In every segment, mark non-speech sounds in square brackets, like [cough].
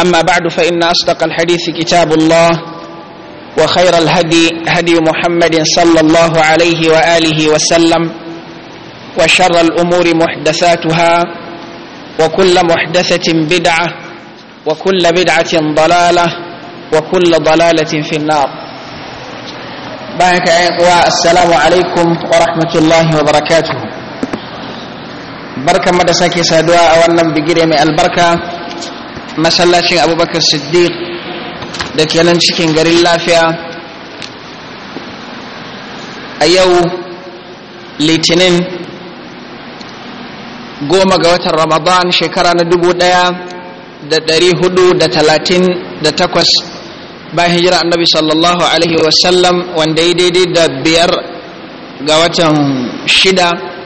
أما بعد فإن أصدق الحديث كتاب الله وخير الهدي هدي محمد صلى الله عليه وآله وسلم وشر الأمور محدثاتها وكل محدثة بدعة وكل بدعة ضلالة وكل ضلالة في النار بارك السلام عليكم ورحمة الله وبركاته بركة مدسك سادوا أولا بجرم البركة masallacin abubakar siddiq da ke nan cikin garin lafiya a yau litinin goma ga watan ramadan shekara na dubu daya da dari hudu da talatin da takwas bayan hijira annabi sallallahu alaihi wasallam wanda ya daidai da biyar ga watan shida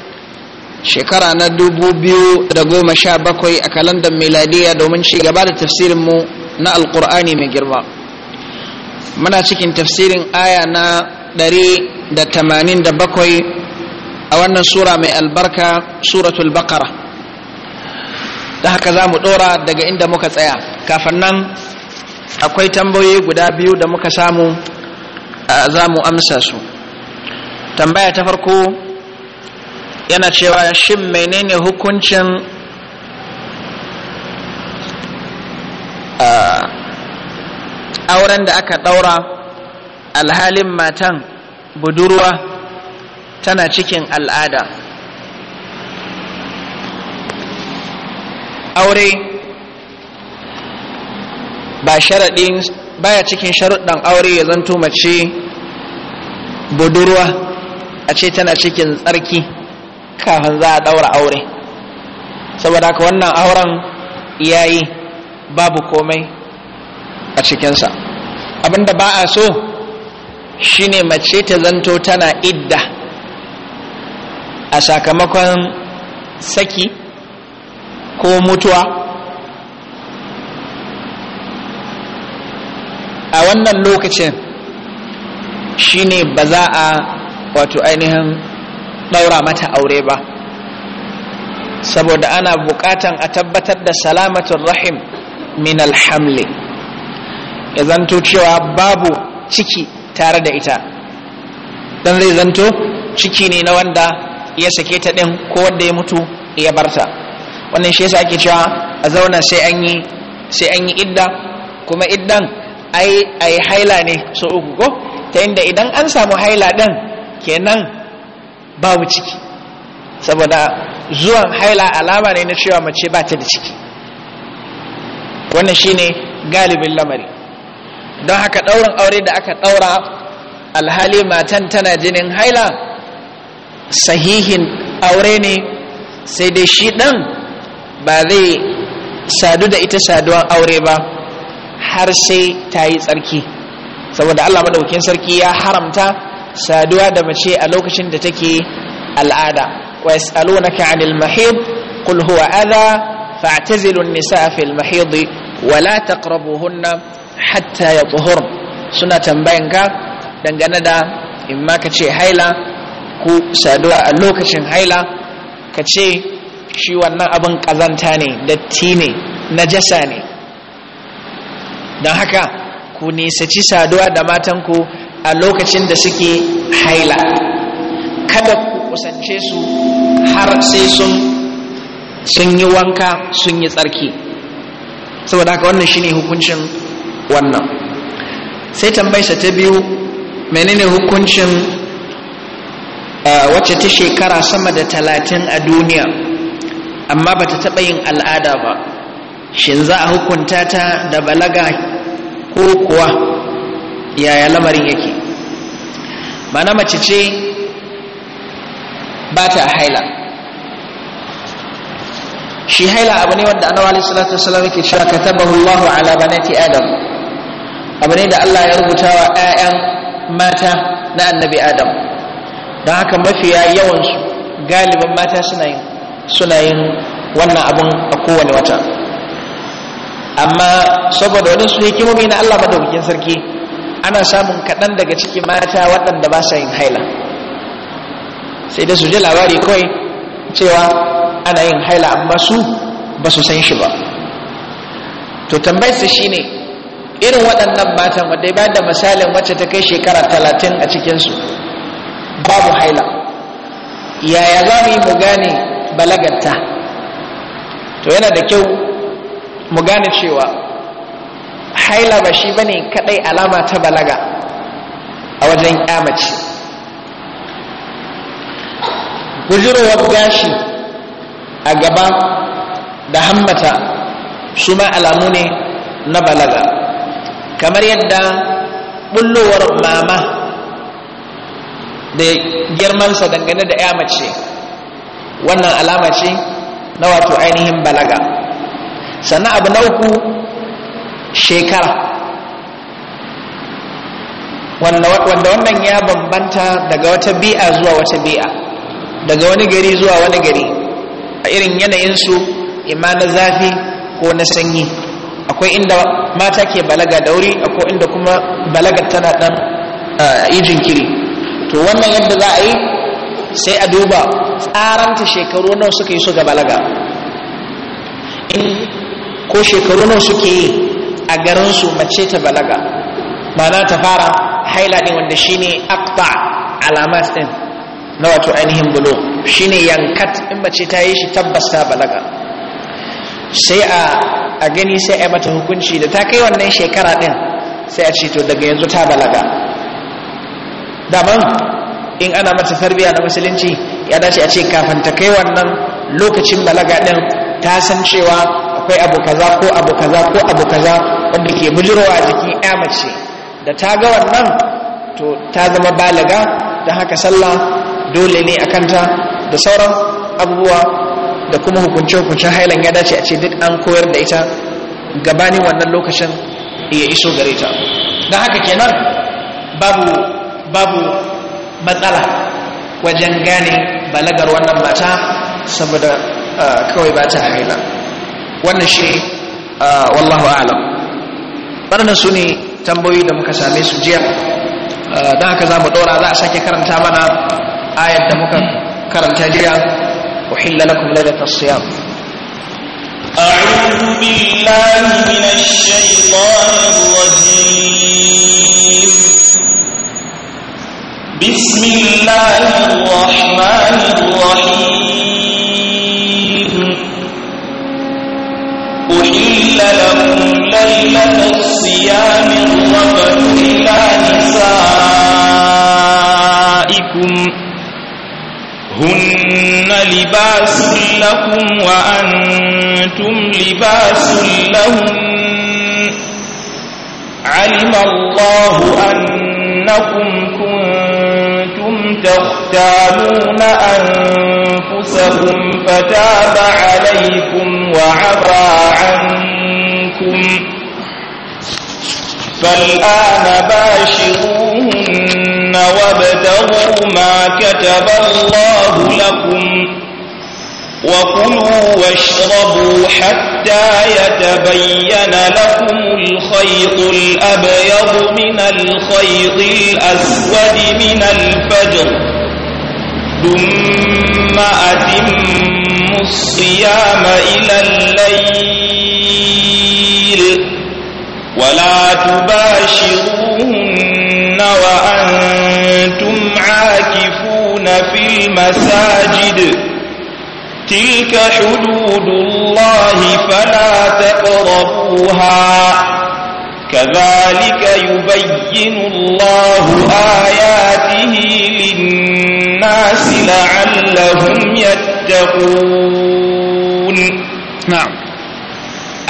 shekara na dubu biyu da goma sha bakwai a kalandar miladiya domin ci gaba da tafsirinmu na alkur'ani mai girma muna cikin tafsirin aya na ɗari da tamanin da bakwai a wannan sura mai albarka suratul bakara da haka za mu ɗora daga inda muka tsaya kafin nan akwai tambayoyi guda biyu da muka samu za mu amsa su tambaya ta farko yana cewa shin menene hukuncin ah, auren da aka daura alhalin matan budurwa tana cikin al'ada aure ba sharaɗin baya cikin sharuɗan aure ya zanto mace budurwa a ce tana cikin tsarki kafin za a daura aure saboda haka wannan auren iyayi babu komai a cikinsa abinda ba a so shine mace ta zanto tana idda a sakamakon saki ko mutuwa a wannan lokacin shine ba za a wato ainihin ɗaura mata aure ba saboda ana buƙatan a tabbatar da salamatun rahim min alhamli ya zanto cewa babu ciki tare da ita don zai zanto ciki ne na wanda ya sake ta ɗin ko wanda ya mutu ya barta wannan shi yasa ake cewa a zauna sai an yi sai an yi idda kuma iddan ai ai haila ne so uku ko ta inda idan an samu haila ɗin kenan babu ciki saboda zuwan haila alama ne na cewa mace ba ta da ciki wannan shine galibin lamari don haka ɗaurin aure da aka ɗaura alhali matan tana jinin haila sahihin aure ne sai dai shi ɗan ba zai sadu da ita saduwan aure ba har sai ta yi tsarki saboda allah madaukin sarki ya haramta saduwa da mace a lokacin da take al'ada wa yas'alunaka 'anil mahid qul huwa adha fa'tazilu an-nisaa fil mahid wa la taqrabuhunna hatta yatahurn suna tambayan ka dangane da in ma ka ce haila ku saduwa a lokacin haila ka ce shi wannan abin kazanta ne datti ne najasa ne don haka ku nisaci saduwa da matanku a lokacin da suke haila kada ku kusance su har sai sun sun yi wanka sun yi tsarki saboda haka wannan shine hukuncin wannan sai tambayarsa ta biyu menene hukuncin eh, wacce ta shekara sama da talatin a duniya amma ba ta taɓa yin al'ada ba shin za a hukunta ta da balaga ko kuwa yaya lamarin yake mana mace ce ba ta haila shi haila abu ne wanda annabi alaihi salatu wasallam yake cewa katabahu Allahu ala banati adam abu ne da Allah ya rubuta wa ƴaƴan mata na annabi adam don haka mafiya yawan su galibin mata suna yin suna yin wannan abun a kowane wata amma saboda wani su hikimomi na Allah madaukakin sarki ana samun kaɗan daga cikin mata waɗanda ba sa yin haila sai da su ji labari kawai cewa ana yin haila amma su ba su san shi ba to tambayarsa shi ne irin waɗannan matan wadda ya da misalin wacce ta kai shekara talatin a cikinsu babu haila yaya za mu yi mu gane balagarta to yana da kyau mu gane cewa haila ba shi bane kadai alama ta balaga a wajen mace, gujirowar gashi a gaba da hammata su ma alamu ne na balaga kamar yadda bullowar mama da girmansa dangane da yamace wannan alama ce na wato ainihin balaga sannan abu na uku shekara wanda wannan ya bambanta daga wata bi'a zuwa wata bi'a daga wani gari zuwa wani gari a irin yanayinsu su na zafi ko na sanyi akwai inda mata ke balaga da wuri akwai inda kuma balagar tana dan ijin kiri. to wannan yadda za a yi sai a duba tsaranta shekaru nawa suka yi su ga balaga in ko shekaru nawa suke yi a garinsu mace ta balaga mana ta fara haila ne wanda shine akta alamat ɗin, na wato ainihin bulo shine yankat in mace ta yi shi tabbas ta balaga sai a gani sai a mata hukunci da ta kai wannan shekara ɗin, sai a ce to daga yanzu ta balaga Daman in ana mata tarbiya na musulunci ya dace a ce kafin ta kai wannan lokacin balaga ɗin ta san cewa akwai abu kaza ko abu kaza ko abu kaza wanda ke bujirowa a jikin ya mace da ta ga wannan to ta zama balaga da haka sallah dole ne a kanta da sauran abubuwa da kuma hukunce-hukuncen hailan ya dace a ce duk an koyar da ita gabanin wannan lokacin ya iso gare ta don haka kenan babu babu matsala wajen gane balagar wannan mata saboda ah, kawai ba ta haila wannan shi uh, wallahu a'lam waɗannan su ne da muka same su jiya uh, don haka za mu ɗora za a sake karanta mana ayar da muka karanta jiya wa lakum lailatul siyam أعوذ بالله من الشيطان الرجيم بسم الله الرحمن الرحيم لكم ليلة الصيام الرفث إلى نسائكم هن لباس لكم وأنتم لباس لهم علم الله أنكم كنتم تختانون أنفسكم فتاب عليكم وعفى عنكم فالآن باشروهن وابتغوا ما كتب الله لكم وكلوا واشربوا حتى يتبين لكم الخيط الأبيض من الخيط الأسود من الفجر ثم أتموا الصيام إلى الليل ولا تباشرون وأنتم عاكفون في المساجد تلك حدود الله فلا تقربوها كذلك يبين الله آياته للناس لعلهم يتقون نعم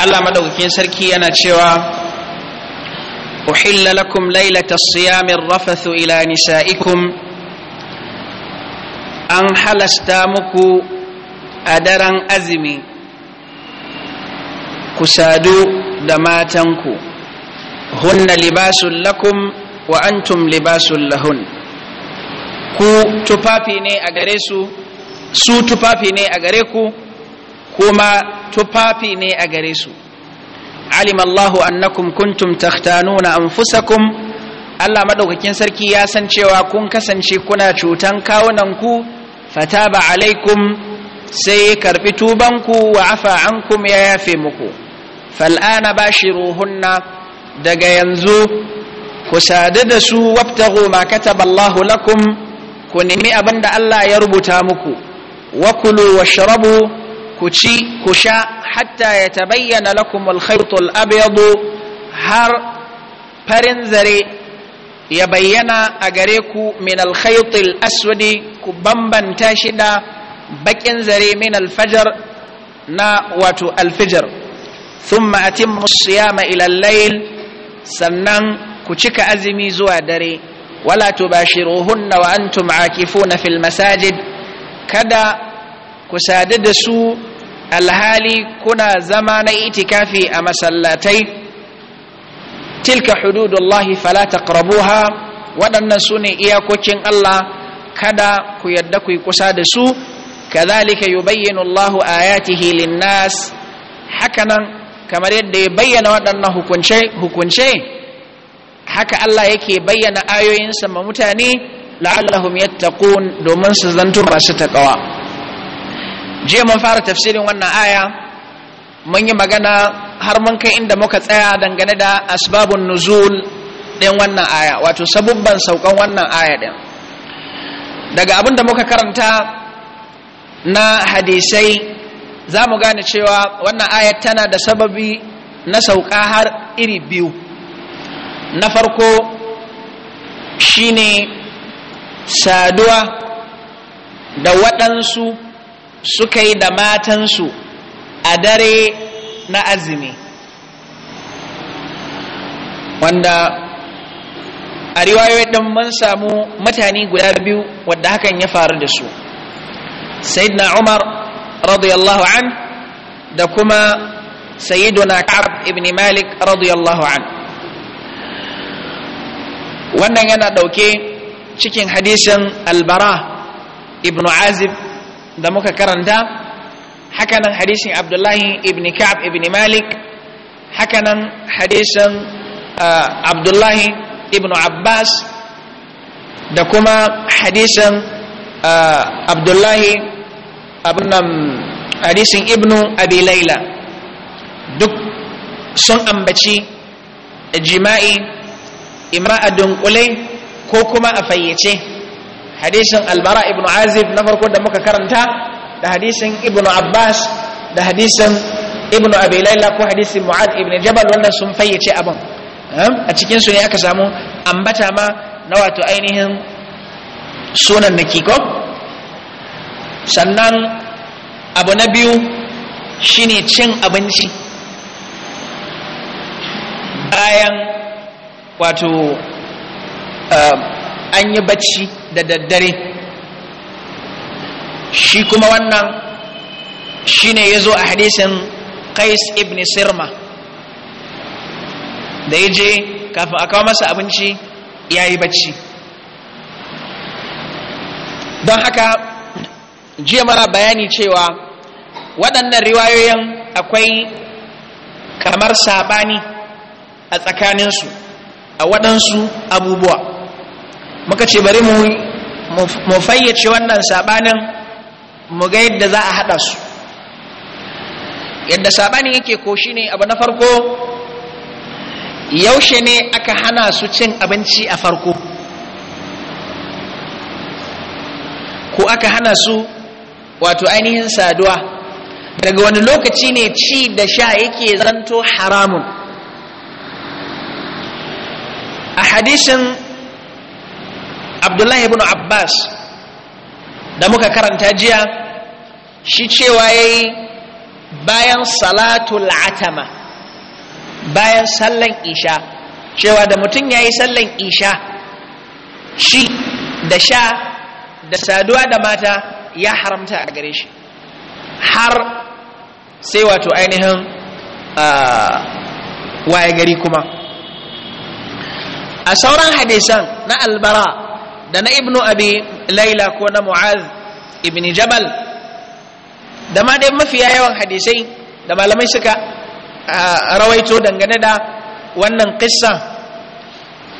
Allah madaukakin sarki yana cewa أحل لكم ليلة الصيام الرفث إلى نسائكم أن حلستامك أدرا أزمي كسادو دماتنك هن لباس لكم وأنتم لباس لهن ku tufafi ne a gare su su tufafi ne a gare ku kuma tufafi ne a gare su alim Allahu annakum kuntum takhtanuna anfusakum Allah madaukakin sarki ya san cewa kun kasance kuna cutan kawunan ku fataba alaikum sai karbi tubanku wa afa ankum ya yafe muku fal'ana ruhunna daga yanzu ku sadu da su wabtaghu ma kataballahu lakum ku nemi abinda Allah ya rubuta muku wa kulu ku ci ku sha hatta ya tabayyana lakum alkhaytul abyadu har farin zare ya bayyana a gare ku min alkhaytul aswadi ku bambanta shi da bakin zare min alfajar na wato alfijar thumma atimmu siyama ila al-layl sannan ku cika azumi zuwa dare wala tubashiruhunna wa antum aakifuna fil masajid kada ku sadu da su alhali kuna zama na itikafi a masallatai tilka hududullahi fala taqrabuha waɗannan su ne iyakokin Allah kada ku yadda ku yi kusa da su kadhalika yubayyinu Allahu ayatihi linnas hakanan kamar yadda ya bayyana waɗannan hukunce hukunce haka Allah yake bayyana ayoyinsa ma mutane la'allahum yattaqun domin su zanto masu taqwa jiya mun fara tafsirin wannan aya mun yi magana har mun kai inda muka tsaya dangane da asbabun nuzul din wannan aya wato sabubban saukan wannan aya ɗin daga abin da muka karanta na hadisai za mu gane cewa wannan aya tana da sababi na sauka har iri biyu na farko shine saduwa da waɗansu suka yi da matansu a dare na azumi wanda a riwayoyi ɗin mun samu mutane guda biyu wadda hakan ya faru da su sayyidina umar radiyallahu an da kuma sayyiduna ka'ab ibn malik radiyallahu an wannan yana ɗauke cikin hadisin albara ibn azib da muka karanta hakanan hadishin abdullahi ibn ka'ab ibn malik hakanan hadishin ah, abdullahi ibn abbas da kuma hadishin ah, abdullahi abinan hadishin ibn abi laila duk sun ambaci jima'i ima a ko kuma a fayyace hadisin albara ibn azib na farko da muka karanta da hadisin ibn abbas da hadisin ibn abi ko hadisin mu'ad ibn jabal wanda sun fayyace abin ehm, a cikinsu ne aka samu ambata ma na wato ainihin sunan nakiko sannan abu na biyu shine cin abinci bayan wato ehm, an yi bacci da daddare shi kuma wannan shi ne ya zo a hadisin kais ibn sirma da ya je kafin a kawo masa abinci ya yi bacci don haka jiya mara bayani cewa waɗannan riwayoyin akwai kamar saɓani a tsakaninsu a waɗansu abubuwa muka ce bari mu fayyace wannan sabanin mu ga yadda za a haɗa su yadda sabanin yake ko shi ne abu na farko yaushe ne aka hana su cin abinci a farko ko aka hana su wato ainihin saduwa daga wani lokaci ne ci da sha yake zanto haramun a hadisin abdullahi ibn abbas da muka karanta jiya shi cewa ya yi bayan salatul atama bayan sallan isha cewa da mutum ya yi sallan isha shi da sha da saduwa da mata ya haramta a gare shi har sai wato ainihin waye gari kuma a sauran hadisan na albara da na ibnu abi laila ko na mu'az ibni jabal da ma dai mafiya yawan hadisai da malamai suka rawaito dangane da wannan kissa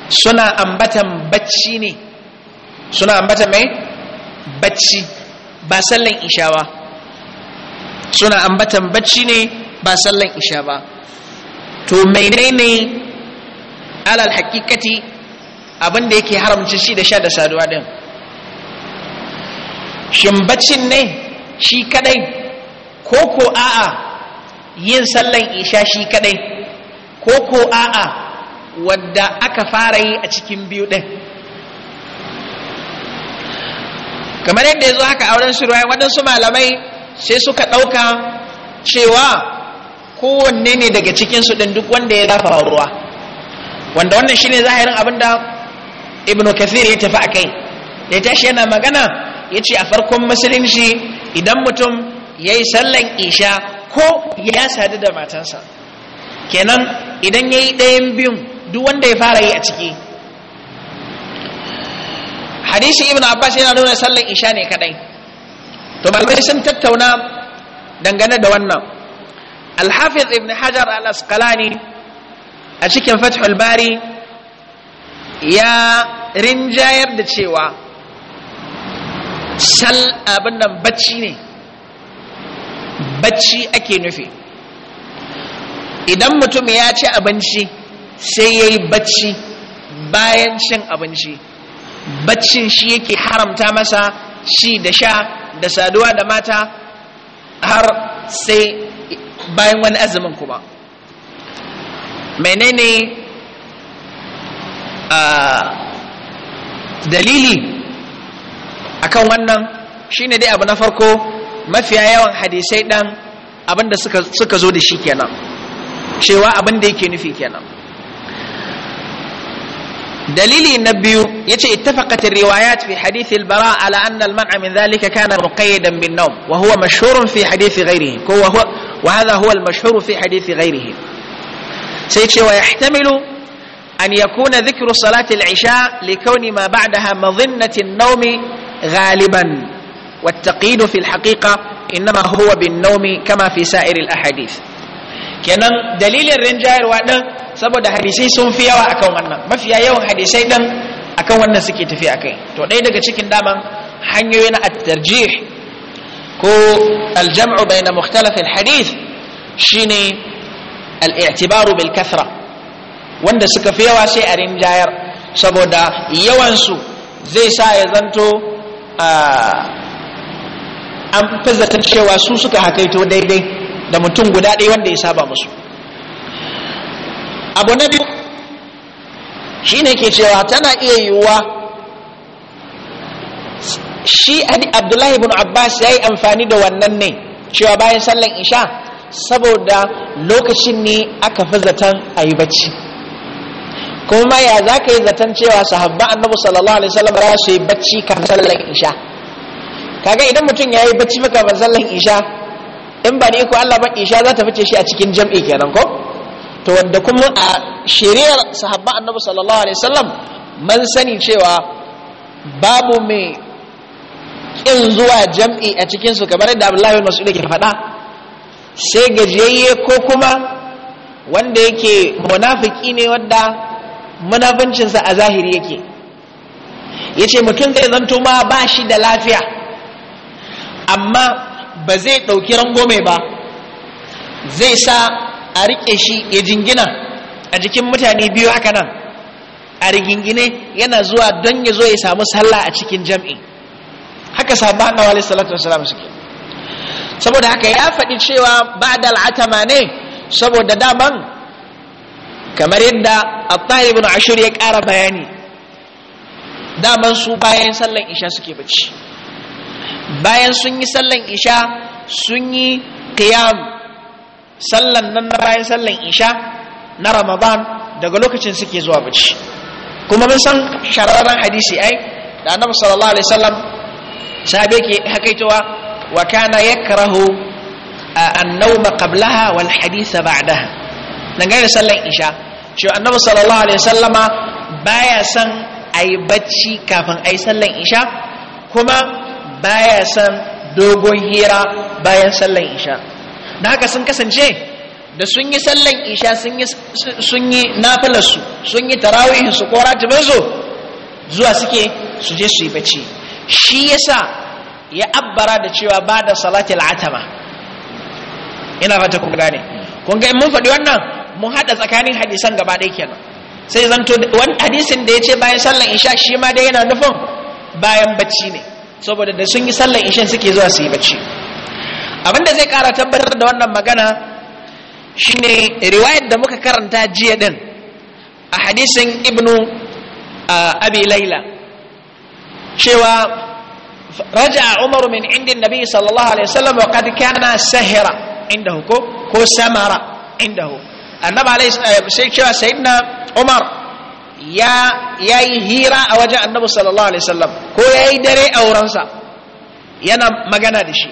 suna ambatan bacci ne suna ambatan mai bacci ba sallan isha ba suna ambatan bacci ne ba sallan isha ba to menene alal hakikati abin da yake haramci shi da sha da saduwa din shin baccin ne shi kadai ko ko a'a yin sallan isha shi kadai ko ko a'a wadda aka fara yi a cikin biyu din kamar yadda ya zo haka auren su ruwa waɗansu malamai sai suka ɗauka cewa kowanne ne daga cikinsu ɗin duk wanda ya dafa ruwa wanda wannan shine zahirin abin ibn kathir ya tafi a kai da ya tashi yana magana ya a farkon musulunci idan mutum ya yi sallan isha ko ya sadu da matansa kenan idan ya yi ɗayan biyun duk wanda ya fara yi a ciki hadisin ibn abbas yana nuna sallan isha ne kadai to malamai sun tattauna dangane da wannan alhafiz ibn hajar al-asqalani a cikin fathul bari ya rinjayar da cewa shal abin nan bacci ne bacci ake nufi idan mutum ya ci abinci sai ya yi bacci bayan cin abinci baccin shi yake haramta masa shi da sha da saduwa da mata har sai bayan wani azumin kuma menene dalili akan wannan shine dai abu na farko mafiya yawan hadisai dan abinda suka suka zo da shi kenan cewa abinda yake nufi kenan dalili na biyu yace ittafaqat riwayat fi hadith al-bara ala anna al-man'a min dhalika kana muqayyadan bin nawm wa huwa mashhurun fi hadith ghayrihi ko wa huwa wa hadha huwa al-mashhur fi hadith ghayrihi sai cewa yahtamilu أن يكون ذكر صلاة العشاء لكون ما بعدها مظنة النوم غالبا والتقييد في الحقيقة إنما هو بالنوم كما في سائر الأحاديث kenan dalilin rinjayarwa din saboda hadisai sun fi yawa akan wannan mafiya yawan hadisai din akan wannan suke tafi akai to ɗaya daga cikin daman hanyoyi na at-tarjih ko al-jam'u bayna mukhtalaf al-hadith shine al-i'tibaru bil kathra wanda suka fi yawa sai a rinjayar saboda yawansu zai sa ya zanto an fazata cewa su suka hakaito daidai da mutum guda ɗaya wanda ya saba musu abu na biyu shi ne ke cewa tana iya yiwuwa shi abdullahi bin abbas ya yi amfani da wannan ne cewa bayan sallan isha saboda lokacin ne aka fi zaton a yi bacci kuma ya za ka yi zaton cewa sahabba annabu sallallahu alaihi wasallam za su yi bacci kafin sallar isha kaga idan mutum ya yi bacci kafin sallar isha in ba ni iko Allah ba isha za ta fice shi a cikin jam'i kenan ko to wanda kuma a shari'ar sahabba annabu sallallahu alaihi wasallam man sani cewa babu mai kin zuwa jam'i a cikin su kamar yadda Abdullahi bin Mas'ud ke faɗa sai gajiyayye ko kuma wanda yake munafiki ne wanda munafincinsa a zahiri yake ya ce mutum zai zanto ma ba shi da lafiya amma ba zai ɗauki rangome ba zai sa a riƙe shi ya jingina a jikin mutane biyu aka nan a rigingine yana zuwa don ya zo ya samu sallah a cikin jam'i haka sabon annawa alaihi wasalam suke saboda haka ya faɗi cewa ba da al'atama ne saboda daman kamar yadda attari ibn ashur ya ƙara bayani daman su bayan sallan isha suke bacci bayan sun yi sallan isha sun yi qiyam sallan nan na bayan sallan isha na ramadan daga lokacin suke zuwa bacci kuma mun san shararren hadisi ai da annabi sallallahu alaihi wasallam sabe ke hakaitowa wa kana yakrahu an-nawma qablaha wal haditha ba'daha dangane da sallan isha shi annabi sallallahu alaihi wasallama baya san ayi bacci kafin ayi sallan isha kuma baya san dogon hira bayan sallan isha da haka sun kasance da sun yi sallan isha sun yi su sun yi tarawihinsu ko su zuwa suke su je su yi bacci shi yasa ya abbara da cewa ba da salatul atama ina fata kun gane kun ga in mun faɗi wannan mun haɗa tsakanin hadisan gaba ɗaya kenan sai zanto wani hadisin da ya ce bayan sallan isha shi ma dai yana nufin bayan bacci ne saboda da sun yi sallan isha suke zuwa su yi bacci abinda zai kara tabbatar da wannan magana shine riwayar da muka karanta jiya din a hadisin ibnu abi laila cewa raja umaru min indin nabi sallallahu alaihi wasallam wa qad kana sahira indahu ko samara indahu Annaba eh, sai cewa sayyidina umar ya yi hira a wajen annabi sallallahu alaihi wasallam ko yi dare a wurinsa yana magana da shi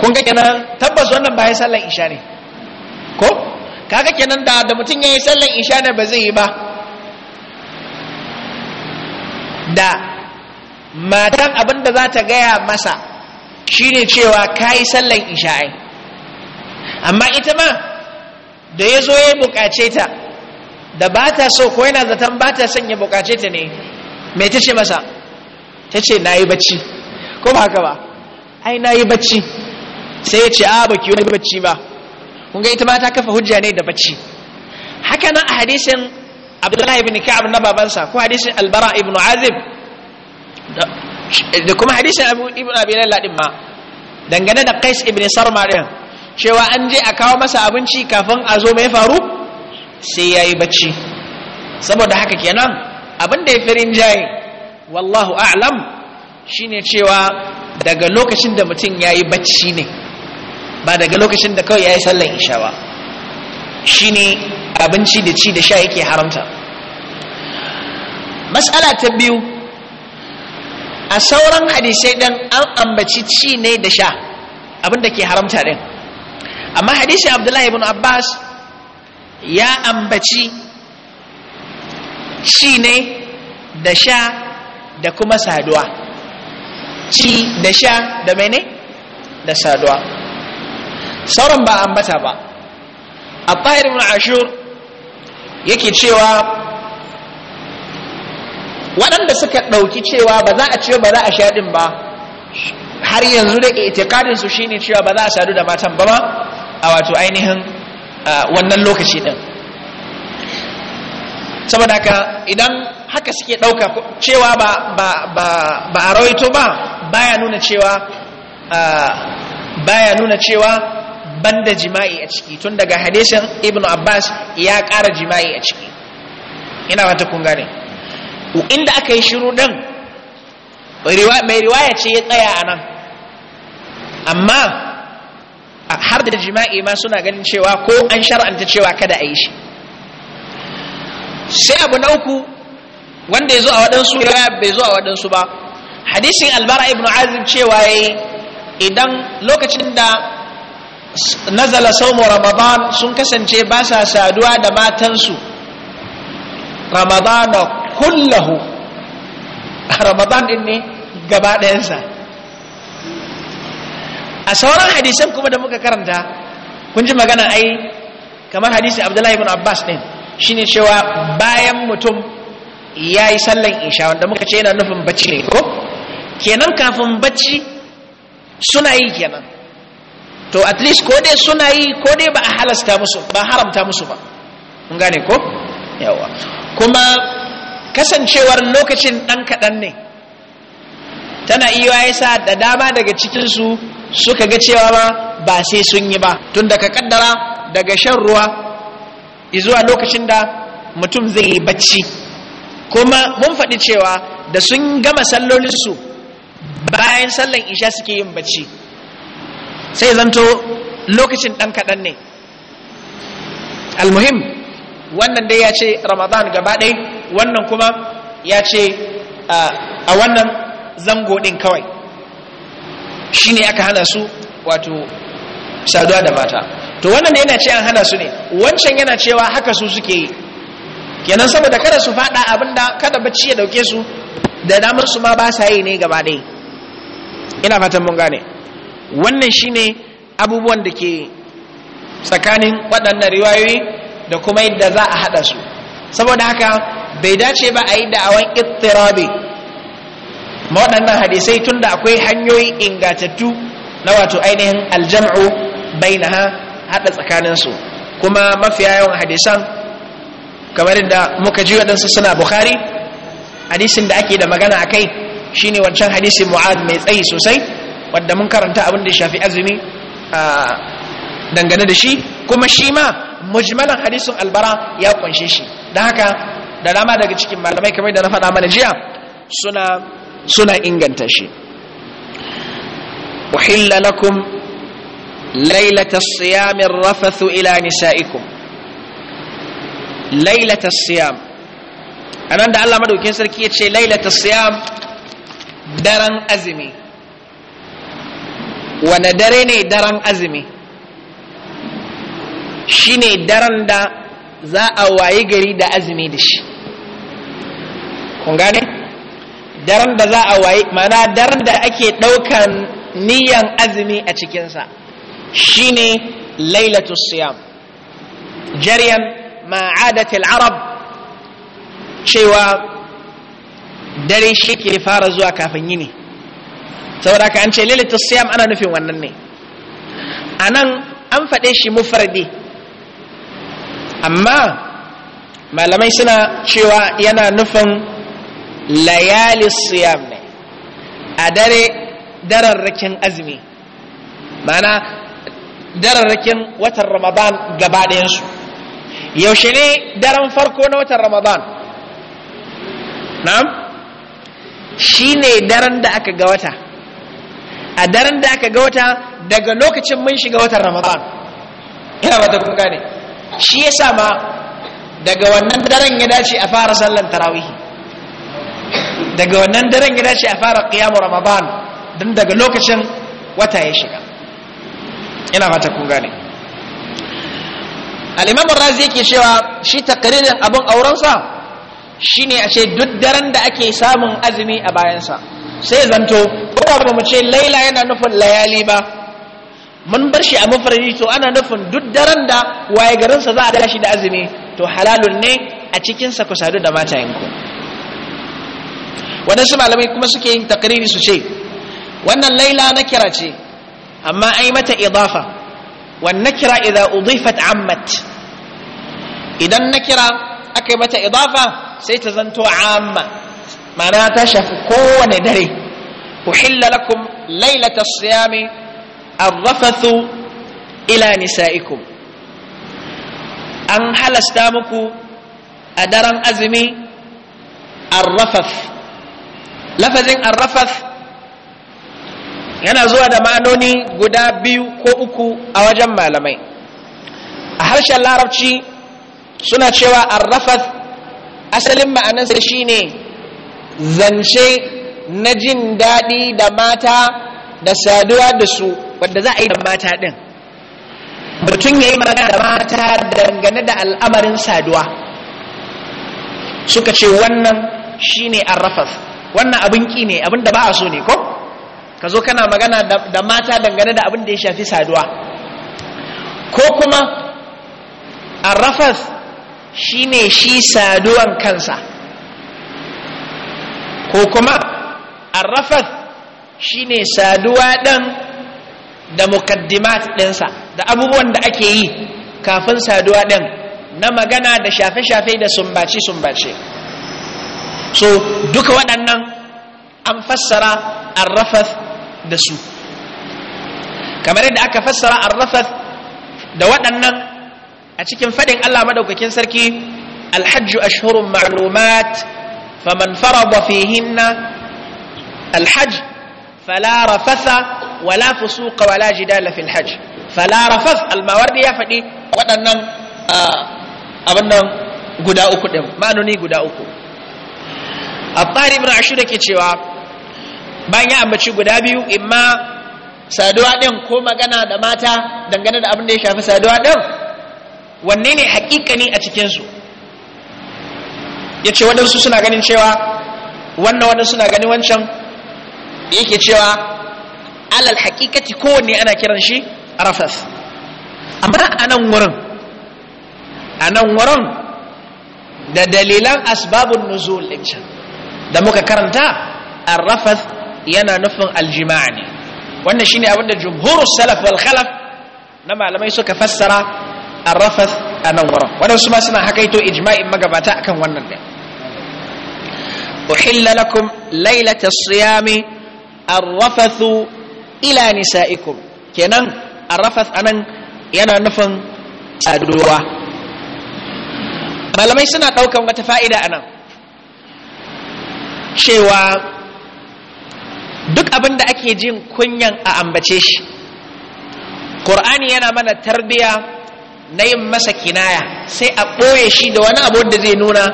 kun ga kenan tabbas wannan ba ya sallan isha ne ko kaga kenan da da mutum yi sallan isha ne ba zai yi ba da matan abinda za ta gaya masa shine cewa kayi sallan isha ai amma ita ma da ya zo ya bukace ta da ba ta so ko yana zaton ba ta son ya bukace ta ne mai ta ce masa ta ce na yi bacci ko ba haka ba ai na yi bacci sai ya ce a ba ki wani bacci ba kun ga ita ma ta kafa hujja ne da bacci haka nan a hadisin abdullahi ibn ka'ab na babansa ko hadisin albara ibn azib da kuma hadisin ibn abi laila din ma dangane da qais ibn sarma din cewa an je a kawo masa abinci kafin a zo mai faru sai ya yi bacci saboda haka kenan abin da ya fi jaye wallahu a'lam shine cewa daga lokacin da mutum ya yi bacci ne ba daga lokacin da kawai ya yi sallan isha ba shine abinci da ci da sha yake haramta matsala ta biyu a sauran hadisai ɗin an ambaci ci ne da sha abinda ke haramta din amma hadisin abdullahi ibn abbas ya ambaci ci ne da sha da kuma saduwa ci da sha da mene da saduwa sauran ba ambata ba abdullahi ibn ashur yake cewa waɗanda suka ɗauki cewa ba za a ce ba za a shaɗin ba har yanzu da itikadinsu shi ne cewa ba za a sadu da matan ba ma a wato ainihin wannan lokaci din saboda haka idan haka suke ɗauka cewa ba ba ba ba a rawaito ba baya nuna cewa baya nuna cewa banda jima'i a ciki tun daga hadisin ibnu abbas ya kara jima'i a ciki ina wata kun gane inda aka yi shiru ɗin mai riwaya ce ya tsaya anan, amma har da jima'i ma suna ganin cewa ko an shar'anta cewa kada a yi shi sai abu na uku wanda ya zo a waɗansu bai zo a waɗansu ba hadisin albara ibn azim cewa ya idan lokacin da nazala saumu ramadan sun kasance ba sa saduwa da matansu ramadana kullahu [laughs] ramadan din ne gaba ɗayansa a sauran hadisan kuma da muka karanta kun ji magana ai kamar hadisi abdullahi ibn abbas din shine cewa bayan mutum ya yi sallan isha wanda muka ce yana nufin bacci ne ko kenan kafin bacci suna yi kenan to at least ko dai suna yi ko dai ba a halasta musu ba haramta musu ba kun gane ko yawa kuma kasancewar lokacin ɗan kaɗan ne tana iya ya sa da dama daga cikinsu suka ga cewa ma ba sai sun yi ba tun ka kaddara daga shan ruwa zuwa lokacin da mutum zai yi bacci kuma mun faɗi cewa da sun gama sallolinsu bayan sallan isha suke yin bacci sai zanto lokacin ɗan kaɗan ne almuhim wannan dai ya ce ramadan gaba ɗai wannan kuma ya ce a wannan zango ɗin kawai shine aka hana su wato saduwa da mata to wannan yana ce an hana su ne wancan yana cewa haka su suke yi kenan saboda kada su faɗa abinda kada bacci ya dauke su da damar su ma ba sa yi ne gaba ɗaya ina fatan mun gane wannan shine abubuwan da ke tsakanin waɗannan riwayoyi da kuma yadda za a haɗa su saboda haka bai dace ba a yi da'awan ittirabi waɗannan hadisai da akwai hanyoyi ingatattu na wato ainihin aljam'u bainaha haɗa tsakanin su kuma mafiya yawan hadisan kamar da muka ji waɗansu suna bukhari hadisin da ake da magana akai shine wancan hadisin mu'ad mai tsayi sosai wadda mun karanta abin da shafi azumi a dangane da shi kuma shi ma mujmalan hadisin albara ya kunshe shi don haka da dama daga cikin malamai kamar da na faɗa mana jiya suna suna inganta shi uhilla lakum lailata siyam rafathu ila nisaikum lailata siyam anan da Allah madaukin sarki ya ce lailata siyam daren azumi wane dare ne daren azumi shine daren da za a wayi gari da azumi da shi kun gane daren da za a waye mana daren da ake ɗaukan niyan azumi a cikinsa shine lailatul siyam jariyan ma'adatil arab cewa dare shi ke fara zuwa kafin yini saboda ka an ce lailatul siyam ana nufin wannan ne anan an faɗe shi mufardi amma malamai suna cewa yana nufin Layali siyam ne a dare dararrakin azumi mana dararrakin watan ramadan gaba yaushe ne daren farko na watan ramadan na'am shi ne daren da aka ga wata a daren da aka ga wata daga lokacin mun shiga watan ramadan ina ba ta kuka ne shi ya ma daga wannan daren ya dace a fara sallan tarawihi daga wannan daren gida dace a fara ƙiyamu ramadan don daga lokacin wata ya shiga ina fata kun gane al'imamun razi yake cewa shi takaririn abin aurensa shi ne a ce duk daren da ake samun azumi a bayansa sai zanto kuma ba mu ce laila yana nufin layali ba mun bar shi a mafarki to ana nufin duk daren da waye garinsa za a shi da azumi to halalun ne a cikinsa ku sadu da yanku. waɗansu malamai kuma suke yin takriri su ce wannan laila na kira ce amma ai mata idafa wannan kira idan udifat ammat idan na kira aka yi mata idafa sai ta zanto amma mana ta shafi kowane dare uhilla lakum lailata siyami arrafathu ila nisa'ikum an halasta muku a daren azumi arrafaf lafazin arrafas yana zuwa da ma'anoni guda biyu ko uku a wajen malamai a harshen larabci suna cewa arrafas asalin ma'anansa shine zance na jin daɗi da mata da saduwa da su wadda za a yi da mata ɗin mutum ya yi magana da mata dangane da al'amarin saduwa suka ce wannan shine arrafas wannan abin ki ne abin da ba a so ne ko ka zo kana magana da mata dangane da abin da ya shafi saduwa ko kuma arrafas shi ne shi saduwan kansa ko kuma arrafas shi ne saduwa ɗan da mukaddimat ɗinsa da abubuwan da ake yi kafin saduwa ɗin na magana da shafe-shafe da sumbace-sumbace so duka waɗannan an fassara arrafas da su kamar yadda aka fassara arrafas da waɗannan a cikin faɗin Allah madaukakin sarki alhajju ashhurun ma'lumat faman farada fihinna alhajj fala rafatha wala fusuqa wala jidala fil hajj fala rafath almawardi ya faɗi waɗannan ah, abin nan guda uku ɗin ma'anoni guda uku abbar ibn ashur yake cewa bayan ya ambaci guda biyu imma saduwa din ko magana da mata dangane da abin da ya shafi saduwa din wanne ne hakikani a cikin su yace waɗansu suna ganin cewa wannan wadansu suna ganin wancan yake cewa alal hakikati wanne ana kiran shi rafas amma anan wurin a nan wurin da dalilan asbabun nuzul din da muka karanta arrafas yana nufin aljima'a ne wannan shine abin da jumhur salaf wal khalaf na malamai suka fassara arrafas anan nan Wannan waɗansu ma suna hakaito ijma'in magabata akan wannan ne uhilla lakum lailatas siyami arrafathu ila nisa'ikum kenan arrafath anan yana nufin saduwa malamai suna ɗaukar wata fa'ida anan cewa duk abin da ake jin kunyan a ambace shi ƙur'ani yana mana tarbiya na yin masa kinaya sai a ɓoye shi da wani abu da zai nuna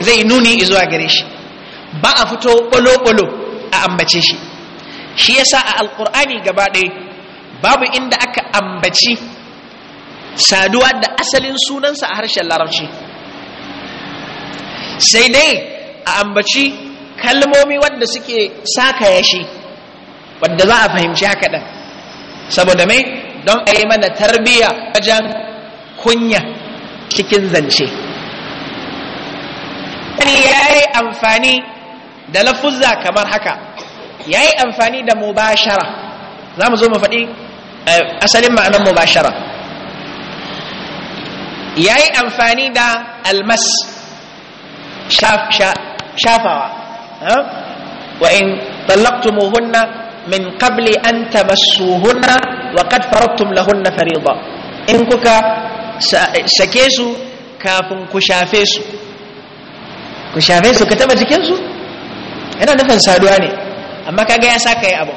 zai nuni zuwa gare shi ba a fito ɓolo-ɓolo a ambace shi shi yasa a alƙur'ani gaba ɗaya babu inda aka ambaci saduwa da asalin sunansa a harshen larabci sai dai a ambaci kalmomi wadda suke ya shi wadda za a fahimci haka ɗan saboda mai don a yi mana tarbiya wajen kunya cikin zance wani ya yi amfani da lafuzza kamar haka ya yi amfani da mubashara za mu zo mu faɗi eh, asalin ma'anar mubashara ya yi amfani da almas shafawa وإن طلقتموهن من قبل أن تمسوهن وقد فرضتم لهن فريضة إن كوكا سكيسو كافن كشافيسو كشافيسو كتبا جكيسو أنا نفن سادواني أما كاقا يساكا يا أبو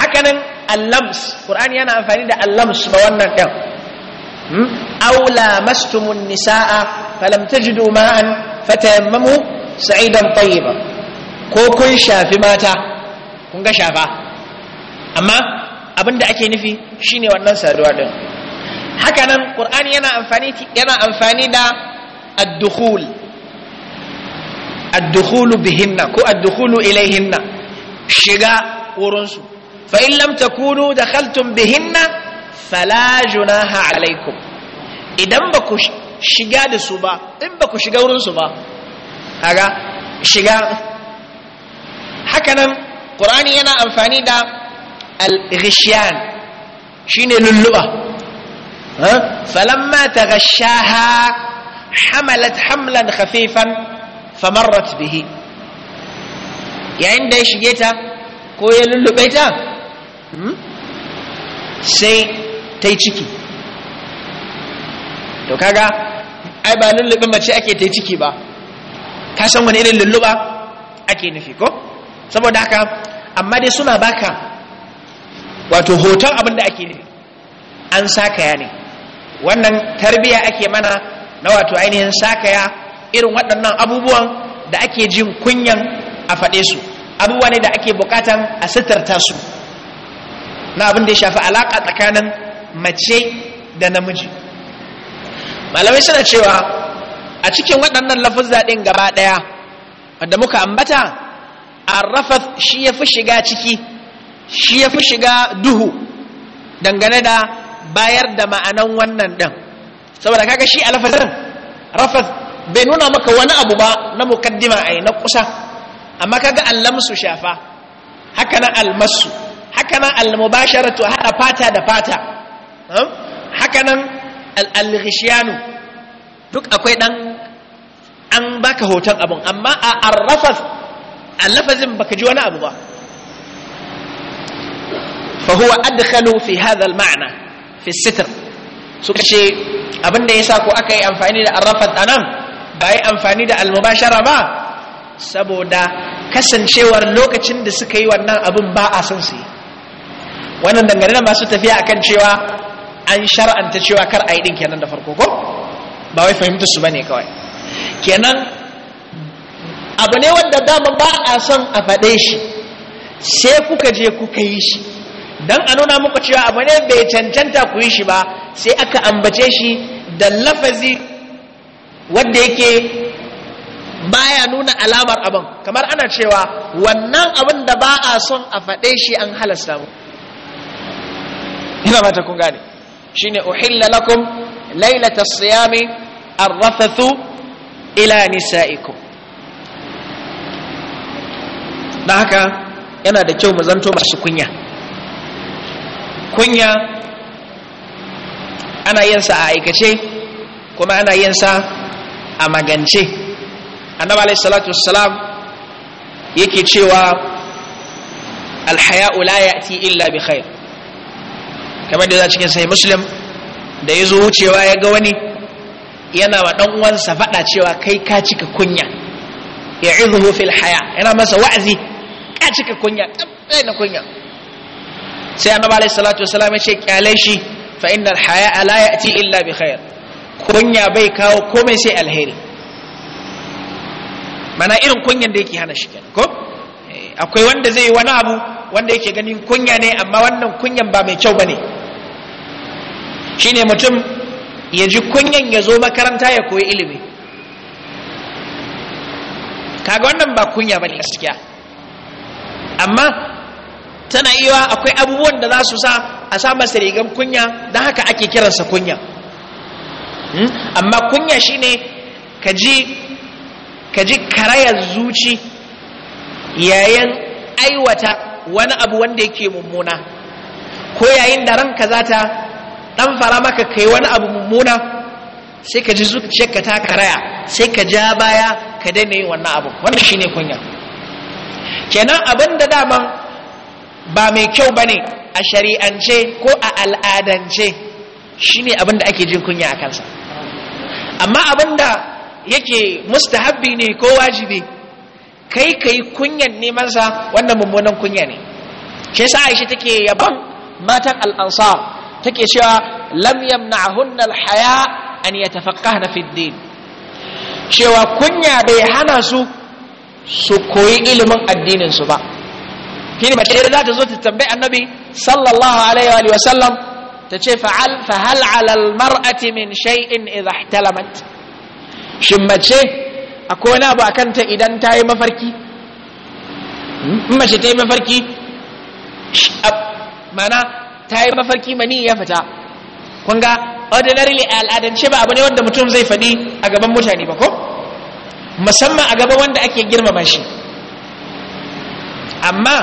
حكنا اللمس قرآن يانا أنفاني دا اللمس بوانا ديو أو لامستم النساء فلم تجدوا ماء فتيمموا sa'idan tayyiba ko kun shafi mata kun ga shafa amma abinda ake nufi shine wannan saduwa din haka nan qur'ani yana amfani yana amfani da ad-dukhul ad-dukhul bihinna ko ad-dukhul ilayhinna shiga wurinsu fa in lam takunu dakhaltum bihinna fala junaha alaikum idan ba ku shiga da su ba in ba ku shiga wurinsu ba kaga shiga hakanan ƙur'ani yana amfani da al-ghishyan shine lulluba falamma taghashaha hamalat hamlan khafifan famarrat bihi yayin da ya shige ta ko ya lullube ta hmm? sai ta yi ciki to kaga ai ba lullubin mace ake ta yi ciki ba ka san wani irin lulluba ake nufi ko saboda haka amma dai suna baka wato hoton abin da ake nufi an sakaya ne wannan tarbiya ake mana na wato ainihin sakaya irin waɗannan abubuwan da ake jin kunyan a faɗe su abubuwa ne da ake buƙatan a sitarta su na abin da ya shafi alaƙa tsakanin mace da namiji malamai suna cewa a cikin waɗannan lafuzza ɗin gaba ɗaya wadda muka ambata arrafat shi ya fi shiga ciki shi ya fi shiga duhu dangane da bayar da ma'anan wannan ɗin saboda kaga shi a lafazin rafat bai nuna maka wani abu ba na mukaddima yi na kusa amma kaga allamsu shafa haka na almasu haka na almubasharatu hada fata da fata eh? haka nan alghishiyanu duk akwai ɗan. an baka hoton abun amma a arrafas a baka ji wani abu ba fahuwa adkhalu fi hadha al-ma'na fi sitr suka ce abinda yasa ko aka yi amfani da arrafat anan ba yi amfani da al-mubashara ba saboda kasancewar lokacin da suka yi wannan abun ba a son su wannan dangane da masu tafiya akan cewa an shar'anta cewa kar a yi din kenan da farko ko ba wai fahimtar su bane kawai kenan abu ne wanda dama ba a son a faɗe shi sai kuka je kuka yi shi don a nuna muku cewa abu ne bai cancanta ku yi shi ba sai aka ambace shi da lafazi wanda yake baya nuna alamar abin kamar ana cewa wannan abin da ba a son a faɗe shi an halasta mu ina mata kun gane shine uhilla lakum lailata siyami arrathathu ila nisa'iku dan haka yana da kyau mu zanto masu kunya kunya ana yin sa a aikace kuma ana yin sa a magance annabi alayhi salatu wassalam yake cewa alhaya'u la ya'ti illa bi khair kamar da za cikin sai muslim da ya zo wucewa ya ga wani yana wa dan uwansa faɗa cewa kai ka cika kunya ya ya'idhu fil haya yana masa wa'azi ka cika kunya kai na kunya sai annabi alaihi salatu wasallam ya ce kyale shi fa innal haya la ya'ti illa bi khair kunya bai kawo komai sai alheri mana irin kunyan da yake hana shi kenan ko eh, akwai wanda zai yi wani abu wanda yake ganin kunya ne amma wannan kunyan ba mai kyau bane shine mutum ya ji kunyan ya zo makaranta ya koyi ilimi kaga wannan ba kunya ba gaskiya amma tana iya akwai abubuwan da za su sa a sa masa rigan kunya don haka ake kiransa kunya hmm? amma kunya shine ka kaji karayar zuci yayin aiwata wani abu wanda yake mummuna ko yayin da ranka za ta dan fara maka kai wani abu mummuna sai ka ji zuciyarka ta karaya sai ka ja baya ka daina yin wannan abu wannan shine kunya kenan abin da daman ba mai kyau bane a shari'ance ko a al'adance shine abin ake jin kunya a kansa amma abin yake mustahabbi ne ko wajibi kai kai kunyan neman sa wannan mummunan kunya ne shi yasa Aisha take yaban matan al-ansar take cewa lam yamna'hunna alhaya an yatafaqqahna fi din cewa kunya bai hana su su koyi ilimin addinin su ba shine mace idan za ta zo ta tambayi annabi sallallahu alaihi wa sallam ta ce fa'al fa hal 'ala almar'ati min shay'in idha ihtalamat shin mace akwai wani abu akan ta idan ta yi mafarki mace ta yi mafarki mana ta yi mafarki mani ya fita kun ga ordinarily al'adance ba abu ne wanda mutum zai faɗi a gaban mutane ba ko musamman a gaban wanda ake girmama shi amma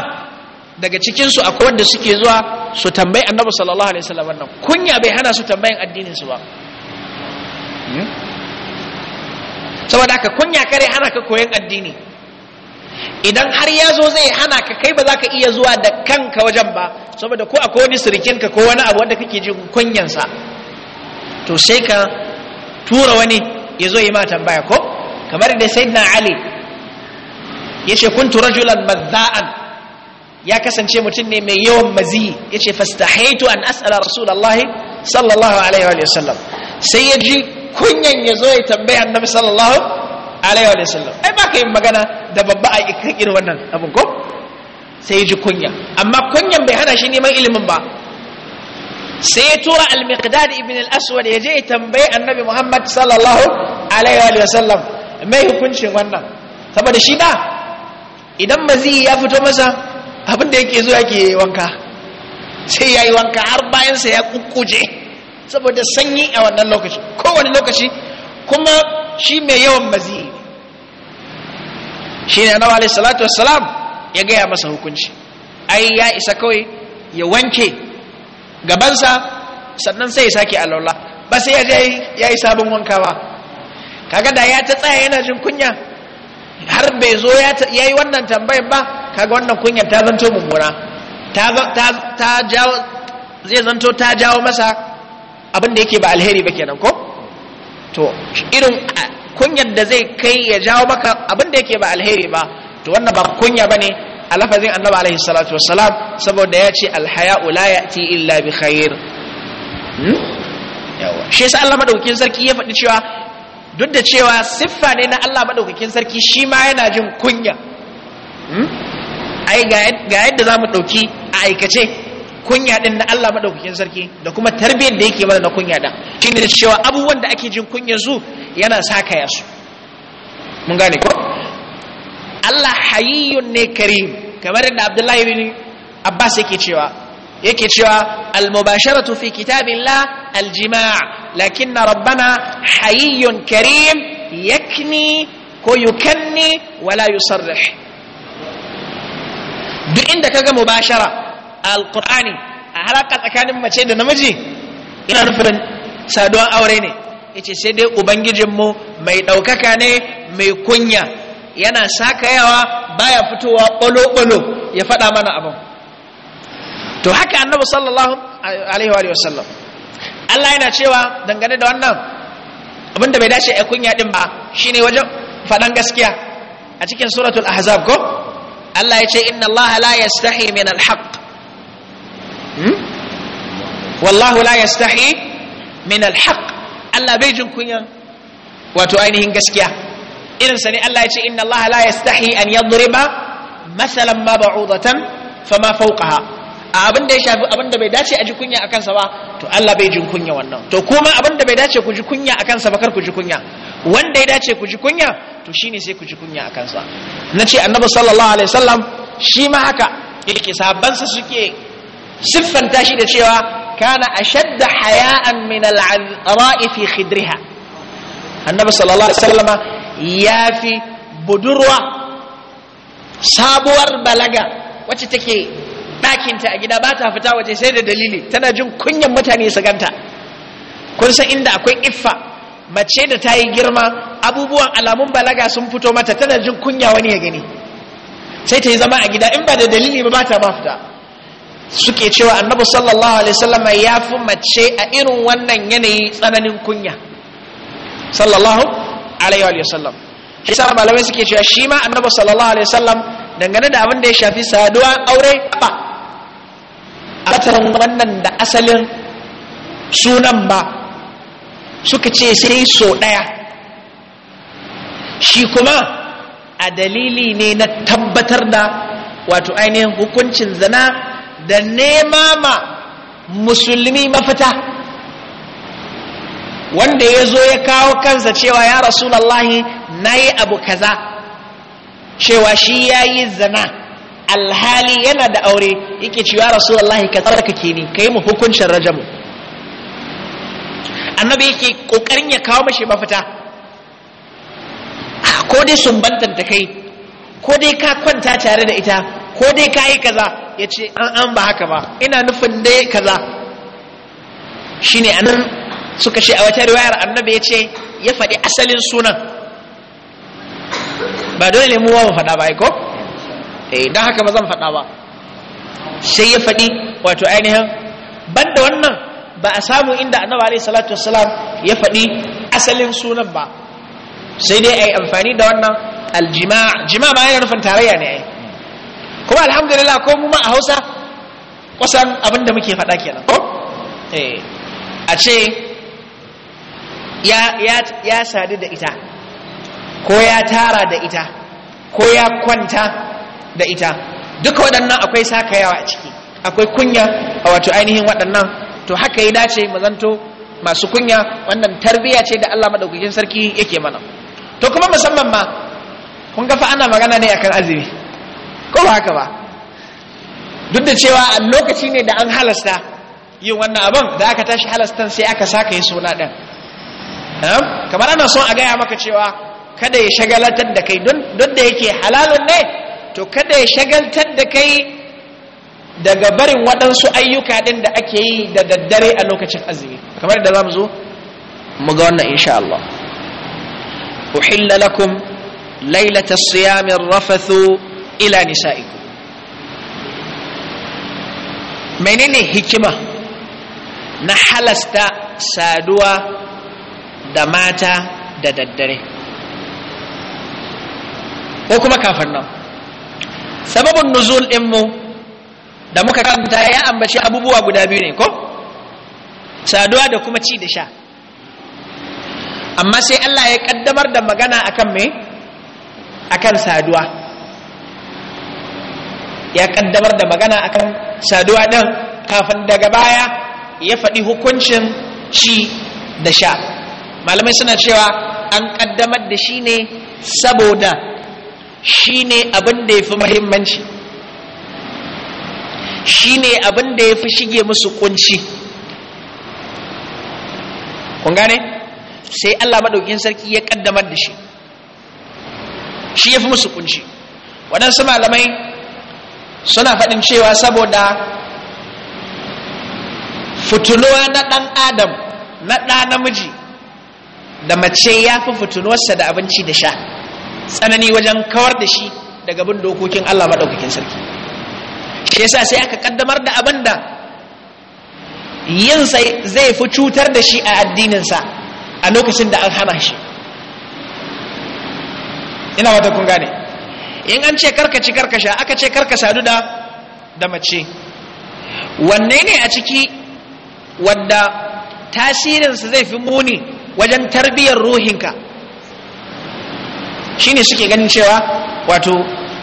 daga cikinsu akwai wanda suke zuwa su tambayi annabi sallallahu alaihi wasallam wannan kunya bai hana su tambayin addinin su ba hmm? saboda haka kunya kare hana ka koyon addini idan har ya zo zai hana ka kai ba za ka iya zuwa da kanka wajen ba saboda ko akwai wani sirikinka ko wani abu wanda kake jin kunyansa to sai ka tura wani ya zo yi ma tambaya ko kamar da sayyidina ali ya ce kuntu rajulan mazza'an ya kasance mutum ne mai yawan mazi ya ce fastahaitu an as'ala rasulullahi sallallahu alaihi wa sallam sai ya ji kunyan ya zo ya tambaya annabi sallallahu alaihi wa sallam ai ba ka yin magana da babba a ikan irin wannan abin ko sai ya ji kunya amma kunyan bai hana shi neman ilimin ba sai ya tura al-miqdad ibn al-aswad ya je ya tambayi annabi muhammad sallallahu alaihi wa sallam mai hukuncin wannan saboda shi da idan mazi ya fito masa abin da yake zuwa yake wanka sai ya yi wanka har bayansa ya kukkuje saboda sanyi a wannan lokaci kowane lokaci kuma shi mai yawan mazi shine ne alaihi salatu wassalam ya gaya masa hukunci ai ya isa kawai ya wanke gabansa sannan sai ya sake alwala ba sai ya je ya yi sabon wankawa. ba kaga da ya ta tsaya yana jin kunya har bai zo ya yi wannan tambayar ba kaga wannan kunyar ta zanto mummuna zai zanto ta jawo masa abin da yake ba alheri ba kenan ko to irin kunyar da zai kai ya jawo maka abin da yake ba alheri ba to wannan ba kunya bane a lafazin annabi alaihi salatu wassalam saboda ya ce alhaya'u la ya'ti illa bi khair hmm? yawa shi Allah madaukakin sarki ya faɗi cewa duk da cewa siffa ne na Allah madaukakin sarki shi ma yana jin kunya hmm? ai ga yadda zamu dauki a aikace kunya din na Allah madaukakin sarki da kuma tarbiyyar da yake mana na kunya din shine da cewa abubuwan da ake jin kunyar su yana saka ya su mun gane ko Allah hayyun ne karim kamar da Abdullahi ibn Abbas yake cewa yake cewa al-mubasharatu fi kitabillah al-jima' lakinna rabbana hayyun karim yakni ko yukanni wala yusarrih duk inda kaga mubashara alkur'ani a haraka tsakanin mace da namiji ina nufin saduwan aure ne yace sai dai ubangijin mu mai ɗaukaka ne mai kunya yana sakayawa baya fitowa ɓalo-ɓalo ya faɗa mana abin to haka annabi sallallahu alaihi wa sallam Allah yana cewa dangane da wannan abinda bai dace a kunya din ba shine wajen faɗan gaskiya a cikin suratul ahzab ko Allah ya ce inna Allah la yastahi min al-haqq Hmm? wallahu la yastahi min alhaq Allah bai jin kunyan wato ainihin gaskiya irin sa ne Allah ya ce inna Allah la yastahi an yadriba mathalan ma ba'udatan fama fawqaha a abin da ya shafi abin da bai dace a ji kunya akan sa ba to Allah bai jin kunya wannan to kuma abin da bai dace ku ji kunya akan sa ba kar ku ji kunya wanda ya dace ku ji kunya to shine sai ku ji kunya akan sa nace annabi sallallahu alaihi wasallam shi ma haka yake sahabban sa suke siffanta shi da cewa kana ashadda haya'an min al'ara'i fi khidriha annabi sallallahu alaihi ya yafi budurwa sabuwar balaga wacce take ɗakinta a gida ba ta fita waje sai da dalili tana jin kunyan mutane su ganta kun san inda akwai iffa mace da ta yi girma abubuwan alamun balaga sun fito mata tana jin kunya wani ya gani sai ta yi zama a gida in ba da dalili ba ta ma fita suke cewa annabi sallallahu alaihi wasallam ya fi mace a irin wannan yanayi tsananin kunya sallallahu alaihi wasallam shi sa malamai suke cewa shi ma annabi sallallahu alaihi wasallam dangane da abin da ya shafi saduwa aure ba a wannan da asalin sunan ba suka ce sai so ɗaya shi kuma a dalili ne na tabbatar da wato ainihin hukuncin zana da nema ma musulmi mafita wanda ya zo ya kawo kansa cewa ya rasulallahi na yi abu kaza cewa shi ya yi zana alhali yana da aure yake cewa rasulallahi ka tsarkake ni ka yi mu hukuncin rajamu annabi yake kokarin ya kawo mashi mafita ko dai sun bantanta kai ko dai ka kwanta tare da ita ko dai ka yi kaza ya ce an an ba haka ba ina nufin dai kaza shine anan suka ce a wata riwayar annabi ya ce ya faɗi asalin sunan ba dole ne mu ba faɗa ba ko eh dan haka ba zan faɗa ba sai ya faɗi wato ainihin banda wannan ba a samu inda annabi alayhi salatu wassalam ya faɗi asalin sunan ba sai dai ai amfani da wannan aljima jima ba yana nufin tarayya ne ai kuma alhamdulillah ko mu ma a hausa kusan abinda muke faɗa kenan ko eh a ce ya ya ya sadu da ita ko ya tara da ita ko ya kwanta da ita duka waɗannan akwai sakayawa a ciki akwai kunya a wato ainihin waɗannan to haka ya dace mazanto masu kunya wannan tarbiyya ce da Allah madaukakin sarki yake mana to kuma musamman ma kun ga fa ana magana ne akan azumi ko ba haka ba duk da cewa lokaci ne da an halasta yin wannan abin da aka tashi halastan sai aka saka yi suna ɗin ehm? kamar ana son a gaya maka cewa kada ya shagalatar da kai duk da yake halalun ne to kada ya shagaltar da kai daga barin waɗansu ayyuka ɗin da ake yi da daddare a lokacin azumi kamar da za mu zo mu ga wannan insha Allah uhilla lakum lailatas siyamir rafathu ila nisa'iku menene hikima na halasta saduwa da mata da daddare ko kuma kafin nan sababin nuzul ɗinmu da muka kanta ya ambaci abubuwa guda biyu ne ko saduwa da kuma ci da sha amma sai Allah ya kaddamar da magana akan me akan saduwa ya kaddamar da magana akan saduwa ɗin kafin daga baya ya faɗi hukuncin ci da sha malamai suna cewa an kaddamar da shi ne saboda shi ne abin da ya fi mahimmanci shi ne abin da ya fi shige musu kunci kun gane sai allah maɗaukin sarki ya kaddamar da shi shi ya fi musu kunci waɗansu malamai suna faɗin cewa saboda fitunuwa na ɗan adam na ɗa namiji da mace ya fi fitunuwarsa da abinci da sha tsanani wajen kawar da shi daga bin dokokin Allah maɗaukakin sarki shi yasa sai aka kaddamar da abin da yinsa zai fi cutar da shi a addininsa a lokacin da an hana shi ina wata kun gane in an ce karkaci karkasha aka ce karka duda da mace wanne ne a ciki wadda tasirinsa zai fi muni wajen tarbiyyar ruhinka shi ne suke ganin cewa wato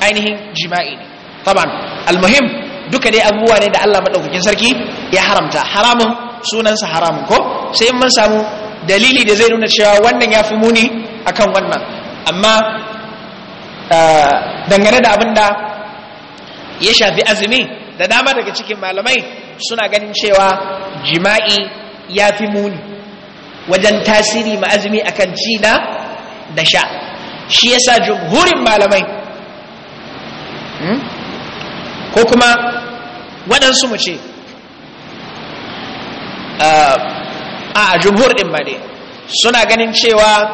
ainihin jima'i ne taban almuhim duka dai abubuwa ne da allah maɗaukakin sarki ya haramta haramun sunansa haramun ko sai mun samu dalili da zai nuna cewa wannan ya fi muni akan wannan amma Ah, dangane da abin da ya shafi azumi da dama daga cikin malamai suna ganin cewa jima'i ya fi muni wajen tasiri ma azumi akan ci na da sha shi ya sa jumhurin malamai hmm, ko kuma waɗansu mu ce ah, a jumhur ɗin ba ne suna ganin cewa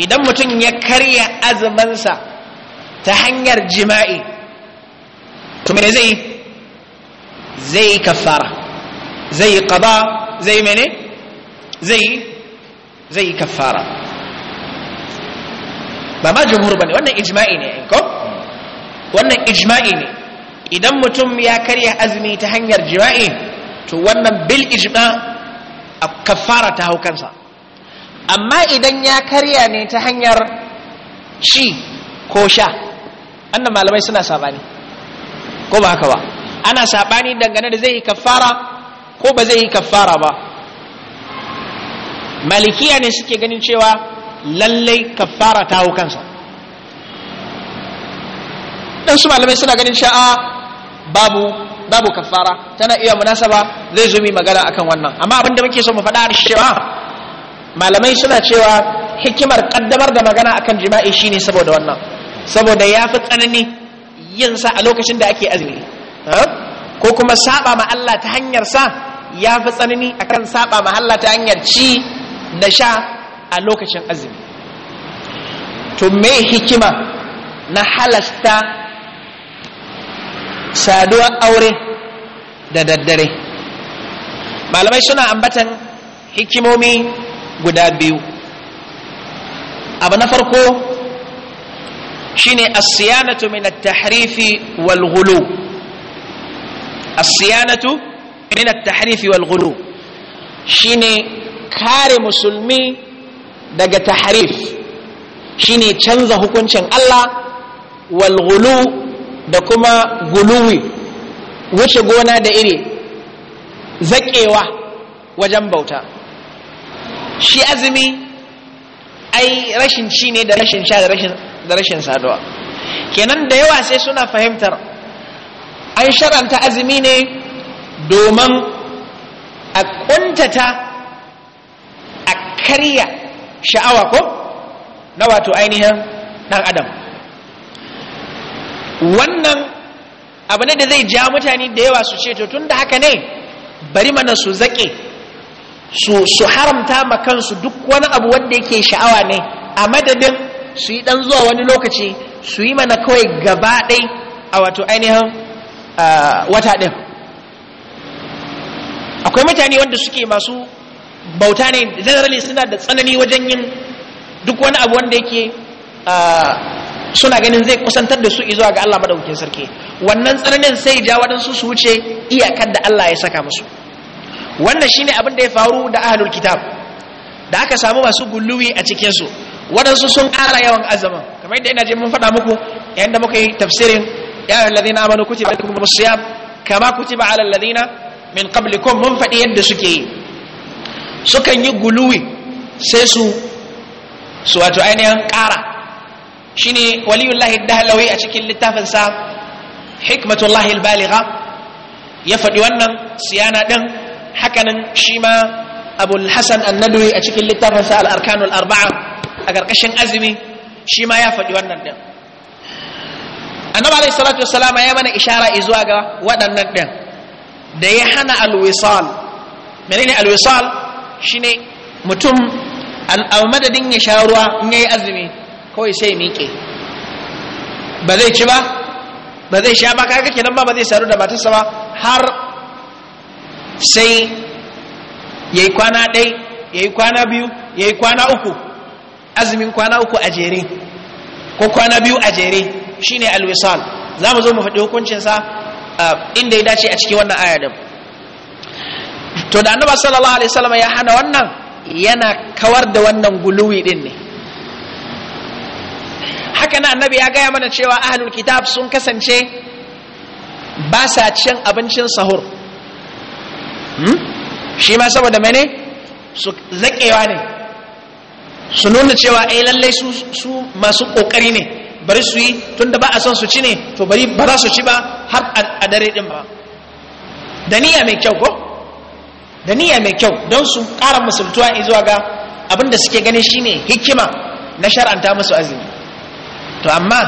idan mutum ya karya azumansa ta hanyar jima'i to zai zai kafara zai qada zai mene zai zai kafara ba ma jumhur bane wannan ijma'i ne ko wannan ijma'i ne idan mutum ya karya azumi ta hanyar jima'i to wannan bil ijma a kafara ta hau kansa amma idan ya karya ne ta hanyar ci ko sha annan malamai suna sabani ko ba haka ba ana sabani dangane da zai yi kafara ko ba zai yi kafara ba malikiya ne suke ganin cewa lallai kafara ta kansa dan su malamai suna ganin sha'a ah, babu babu kafara tana iya munasaba zai zumi magana akan wannan amma abin da muke so mu faɗa a cewa malamai suna cewa hikimar kaddamar da magana akan jima'i shine saboda wannan saboda ya fi tsanani sa a lokacin da ake azumi ko kuma saba ma Allah ta hanyar sa ya fi tsanani a akan saba ma Allah ta hanyar ci da sha a lokacin azumi to me hikima na halasta saduwar aure da daddare malamai suna ambatan hikimomi guda biyu abu na farko shine as-siyanatu min at-tahrifi wal ghulu siyanatu min at-tahrifi wal ghulu shine kare musulmi daga tahrif shine canza hukuncin Allah wal ghulu da kuma guluwi wuce gona da iri zakewa wajen bauta shi azumi ai rashin ci ne da rashin sha da rashin da rashin saduwa kenan da yawa sai suna fahimtar an sharanta azumi ne domin a kuntata a karya sha'awa ko na wato ainihin dan adam wannan abu ne da zai ja mutane da yawa su ce to tun da haka ne bari mana su zaƙe su haramta ma kansu duk wani abu wanda yake sha'awa ne a madadin su yi ɗan zuwa wani lokaci su yi mana kawai gaba ɗai a wato ainihin wata ɗin akwai mutane wanda suke masu bauta ne generally suna da tsanani wajen yin duk wani abu wanda yake suna ganin zai kusantar da su izuwa ga Allah madaukin sarki wannan tsananin sai ja waɗansu su wuce iyakar da Allah ya saka musu wannan shine abin da ya faru da ahlul kitab da aka samu masu gulluwi a cikin su waɗansu sun ƙara yawan azaman kamar yadda ina je mun faɗa muku yayin da muka yi tafsirin ya ayyuhal ladina amanu kutiba alaykum siyam kama kutiba alal ladina min qablikum mun faɗi yadda suke yi sukan yi guluwi sai su su wato ainihin ƙara shine waliyullahi dahlawi a cikin littafin sa hikmatullahi albaligha ya faɗi wannan siyana din hakanan shi ma abul hasan annadwi a cikin littafin sa al-arkanul arba'a a ƙarƙashin azumi shi ma ya faɗi wannan ɗin annabi alaihi salatu wassalam ya mana ishara izuwa ga waɗannan ɗin da ya hana alwisal menene alwisal shine mutum al'amadadin ya sha ruwa in yayi azumi kawai sai miƙe ba zai ci ba ba zai sha ba kaga kenan ba ba zai saru da matarsa ba har sai yayi kwana ɗai yayi kwana biyu yayi kwana uku azumin kwana uku a jere ko kwana biyu a jere shine alwisal za mu zo mu faɗi hukuncinsa inda ya dace a cikin wannan ayyadin to da annaba sallallahu alaihi salama ya hana wannan yana kawar da wannan guluwi ɗin ne haka na annabi ya gaya mana cewa ahalul kitab sun kasance ba sa cin abincin sahur hmm? shi ma saboda mene su zaƙewa ne su nuna cewa ai eh, lallai su masu kokari ne bari su yi tunda ba a son su ci ne to bari ba za su ci ba har a dare din ba da niyya mai kyau ko da niyya mai kyau don su ƙara musultuwa zuwa ga abin da suke ganin shine hikima na shar'anta musu azumi to amma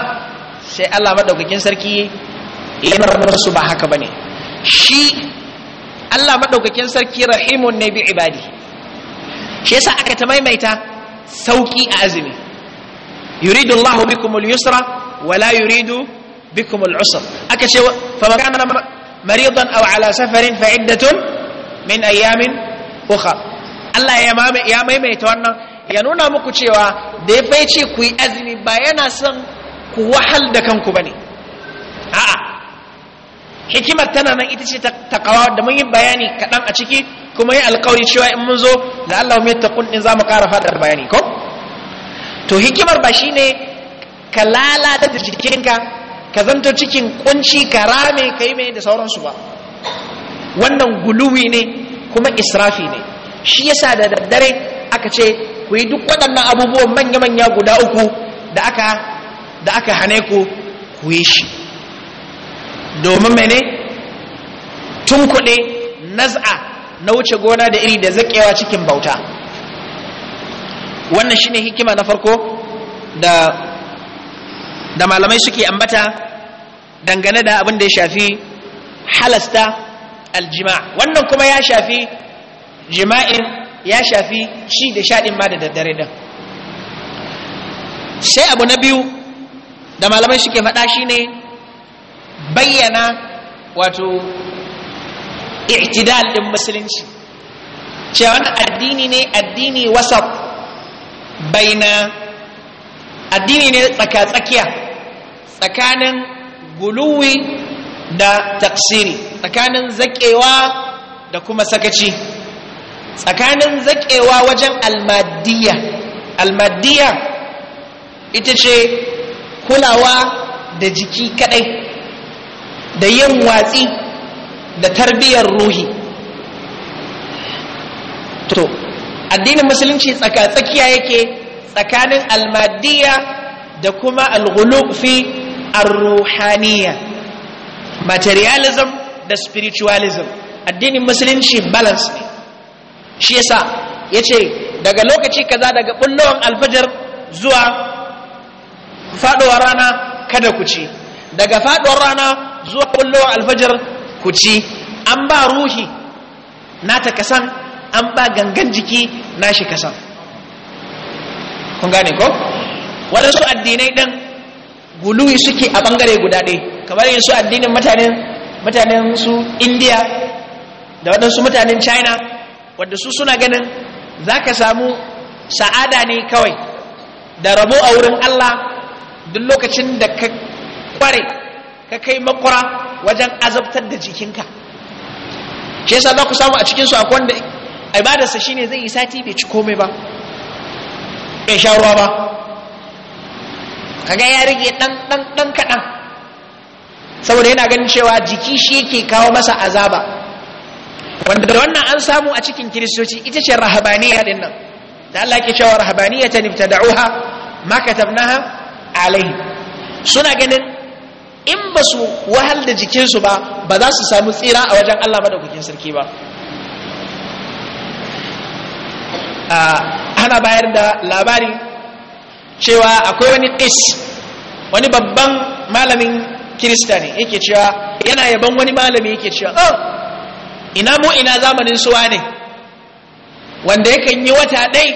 sai Allah madaukakin sarki ya musu ba haka bane shi Allah madaukakin sarki rahimun ne bi ibadi shi yasa aka ta maimaita sauki a azumi yuridu Allah bikumul yusra wala yuridu bikumul usr aka ce fa man kana maridan aw ala safarin fa iddatun min ayamin ukhra Allah ya ya maimaita wannan ya nuna muku cewa da ya faice ku yi azumi ba yana son ku wahal da kanku bane a'a hikimar tana nan ita ce ta kawo da mun yi bayani kaɗan a ciki kuma yi alkawari cewa in mun zo da Allah mai taqun za mu ƙara fadar bayani ko to hikimar ba shine ka lalata jikinka ka zanto cikin kunci ka rame kai mai da sauransu ba wannan guluwi ne kuma israfi ne shi yasa da daddare aka ce ku yi duk waɗannan abubuwan manya-manya guda uku da aka da aka hane ku ku yi shi domin mene tun kuɗe naz'a na wuce gona da iri da zakewa cikin bauta wannan shine hikima na farko da da malamai suke ambata dangane da abin da ya shafi halasta aljima wannan kuma ya shafi jima'in ya shafi shi da shaɗin ma da daddare din sai abu na biyu da malamai suke faɗa shine bayyana wato i'tidal din musulunci cewa wannan addini ne addini wasat baina addini ne tsaka-tsakiya tsakanin guluwi da taksiri tsakanin zakewa da kuma sakaci tsakanin zakewa wajen almadiyya almadiyya ita ce kulawa da jiki kadai da yin watsi da tarbiyyar ruhi to addinin musulunci tsakiya yake tsakanin almadiya da kuma alghulub fi arruhaniya materialism da spiritualism addinin musulunci balance ne shi yasa yace daga lokaci kaza daga bullowan alfajar zuwa faduwar rana kada ku ci daga faduwar rana zuwa bullowar alfajar ku ci an ba ruhi na ta kasan an ba gangan jiki na shi kasan kun gane ko waɗansu addinai ɗan guluyi suke a bangare guda ɗaya kamar yin su addinin mutanen mutanen su indiya da waɗansu mutanen china wanda su suna ganin za ka samu sa'ada ne kawai da rabo a wurin allah duk lokacin da ka kware ka kai makura wajen azabtar da jikinka shi yasa za ku samu a cikinsu akwai wanda ibadarsa shine zai yi sati bai ci komai ba bai sha ruwa ba kaga ya rage dan dan dan kaɗan saboda yana ganin cewa jiki shi yake kawo masa azaba wanda da wannan an samu a cikin kiristoci ita ce rahabaniya din nan da Allah ke cewa rahabaniya ta nifta da'uha ma katabnaha alai suna ganin in ba su wahal da jikinsu ba ba za su samu tsira a wajen Allah kukin sarki ba ana bayar da labari cewa akwai wani kis wani babban malamin kirista ne yake cewa yana yaban wani malami yake cewa oh ina mu ina zamanin suwa ne wanda yakan yi wata ɗai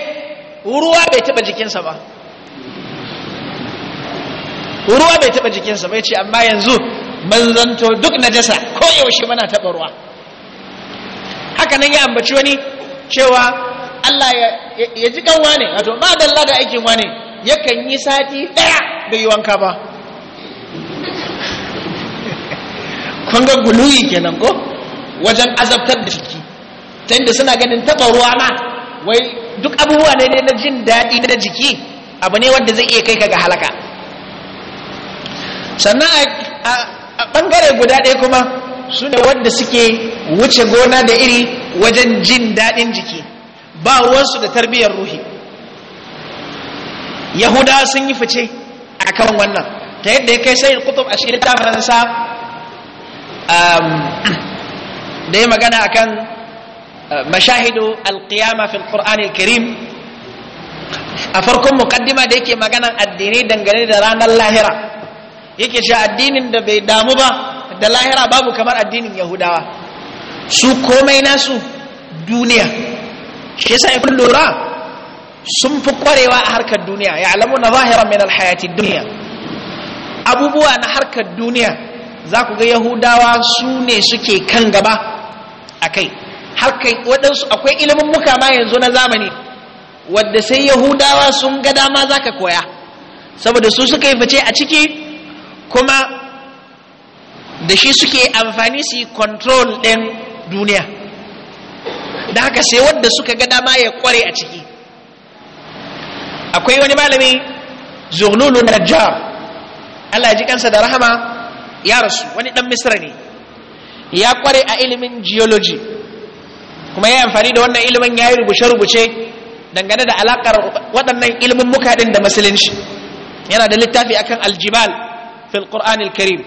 ruwa bai taɓa jikinsa ba ruwa bai taɓa jikinsa bai ce amma yanzu mun zanto duk najasa ko yaushe muna taɓa ruwa haka nan ya ambaci wani cewa Allah ya ji kan wane wato ba da Allah da aikin wane yakan yi sati ɗaya bai yi wanka ba [laughs] kun ga guluyi kenan ko wajen azabtar da jiki ta da suna ganin taɓa ruwa ma wai duk abubuwa ne na jin daɗi na jiki abu ne wanda zai iya kai ka ga halaka sannan a ɓangare guda ɗaya kuma su ne wanda suke wuce gona da iri wajen jin daɗin jiki ba wasu da tarbiyyar ruhi Yahuda sun yi fice a kan wannan ta yadda ya kai sai kutub a shirin ta faransa da ya magana kan mashahidu alkiyama fil al karim a farkon mukaddima da yake maganan addinai dangane da ranar lahira yake cewa addinin da bai damu ba da lahira babu kamar addinin yahudawa su komai nasu duniya shi yasa ibn lura sun fi kwarewa a harkar duniya ya alamu na zahira min alhayati duniya abubuwa na harkar duniya za ku ga yahudawa su ne suke kan gaba a kai harkar waɗansu akwai ilimin muka ma yanzu na zamani wadda sai yahudawa sun ga dama za ka koya saboda su suka yi fice a ciki kuma da shi suke amfani su yi control ɗin duniya da haka sai wadda suka ga dama ya kware a ciki akwai wani malami zurnulu najjar Allah ji kansa da rahama ya rasu wani ɗan misra ne ya kware a ilimin geology kuma ya amfani da wannan ilimin ya yi rubuce-rubuce dangane da alaƙar waɗannan ilimin muka ɗin da musulunci yana da littafi akan aljibal fil qur'an karim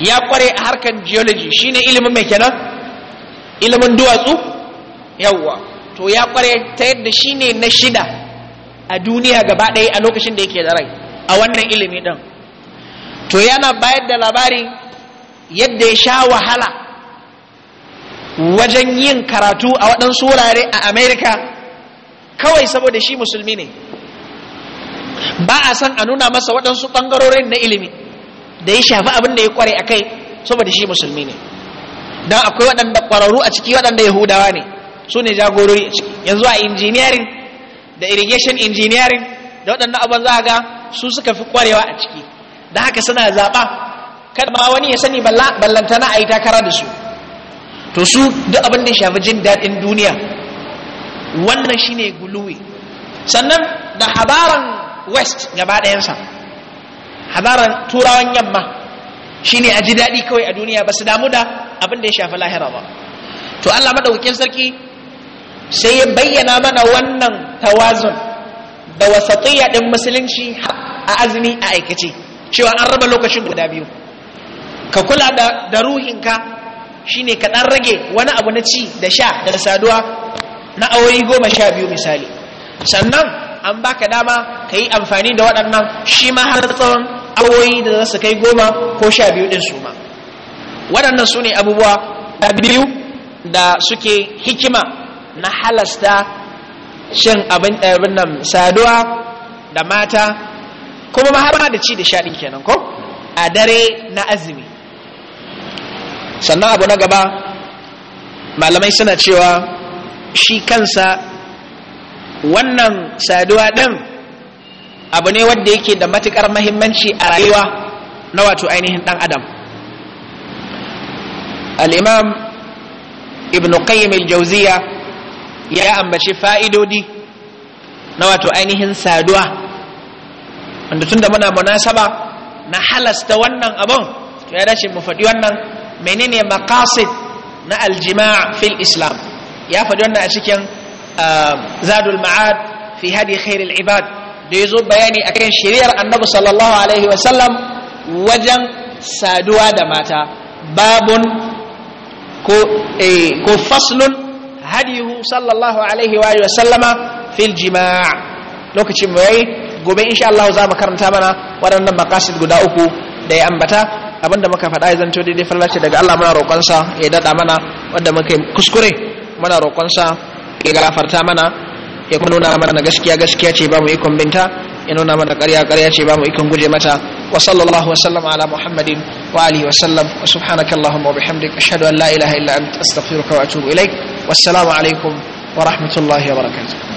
ya kware a harkan geology shine ilimin mai kenan ilimin duwatsu yawwa to ya kware ta yadda shine na shida a duniya gaba ɗaya a lokacin da yake da rai a wannan ilimi ɗin to yana bayar da labarin yadda ya sha wahala wajen yin karatu a waɗansu wurare a Amerika kawai saboda shi musulmi ne ba a san a nuna masa waɗansu ɓangarorin na ilimi da ya shafi abin da ya kware a kai saboda shi musulmi ne don akwai waɗanda ƙwararru a ciki waɗanda yahudawa ne su ne jagorori a ciki yanzu a injiniyarin da irrigation injiniyarin, da waɗannan abin za a ga su suka fi ƙwarewa a ciki da haka suna zaɓa kada ma wani ya sani ballantana a yi takara da su to su duk abin da ya shafi jin daɗin duniya wannan shine guluwi sannan da habaran west gaba ɗayansa hadaran turawan yamma shine a ji daɗi kawai a duniya ba su damu da abin da ya shafi lahira ba to allah maɗaukin sarki sai ya bayyana mana wannan tawazun da wasatiyya ɗin musulunci a azumi a aikace cewa an raba lokacin guda biyu ka kula da ruhinka shine ka ɗan rage wani abu na ci da sha da saduwa na aure goma sha biyu misali sannan an baka dama ka yi amfani da waɗannan shi ma har tsawon awoyi da za su kai goma ko sha biyu ɗin su ma waɗannan su ne abubuwa da biyu da suke hikima na halasta shan abin ɗarbin nan saduwa da mata kuma ma har da ci da sha ɗin kenan ko a dare na azumi sannan abu na gaba malamai suna cewa shi kansa wannan saduwa ɗin abu ne wanda yake da matukar mahimmanci a rayuwa na wato ainihin ɗan adam al'imam ibn qayyim al-jauziya ya ambaci fa'idodi na wato ainihin saduwa wanda tun da muna munasaba na halasta wannan abun to ya dace mu faɗi wannan menene maqasid na aljima'a fil islam ya faɗi wannan a cikin zadul ma'ad fi hadi khairul ibad da yazo bayani akan shari'ar annabi sallallahu alaihi wasallam wajen saduwa da mata babun ko eh ko faslun hadihu sallallahu alaihi wa sallama fil jima' lokacin gobe insha Allah za mu karanta mana waɗannan maqasid guda uku da ya ambata abinda muka faɗa ya zanto daidai fallace daga Allah muna roƙonsa ya daɗa mana wanda muka kuskure muna roƙonsa ya gafarta mana ya kuma nuna mana gaskiya gaskiya ce ba mu ikon binta ya nuna mana ƙarya ƙarya ce ba mu ikon guje mata wa sallallahu wa sallam ala muhammadin wa alihi wa sallam wa subhanaka allahumma wa bihamdik ashhadu an la ilaha illa anta astaghfiruka wa atubu ilaik wassalamu alaikum wa rahmatullahi wa barakatuh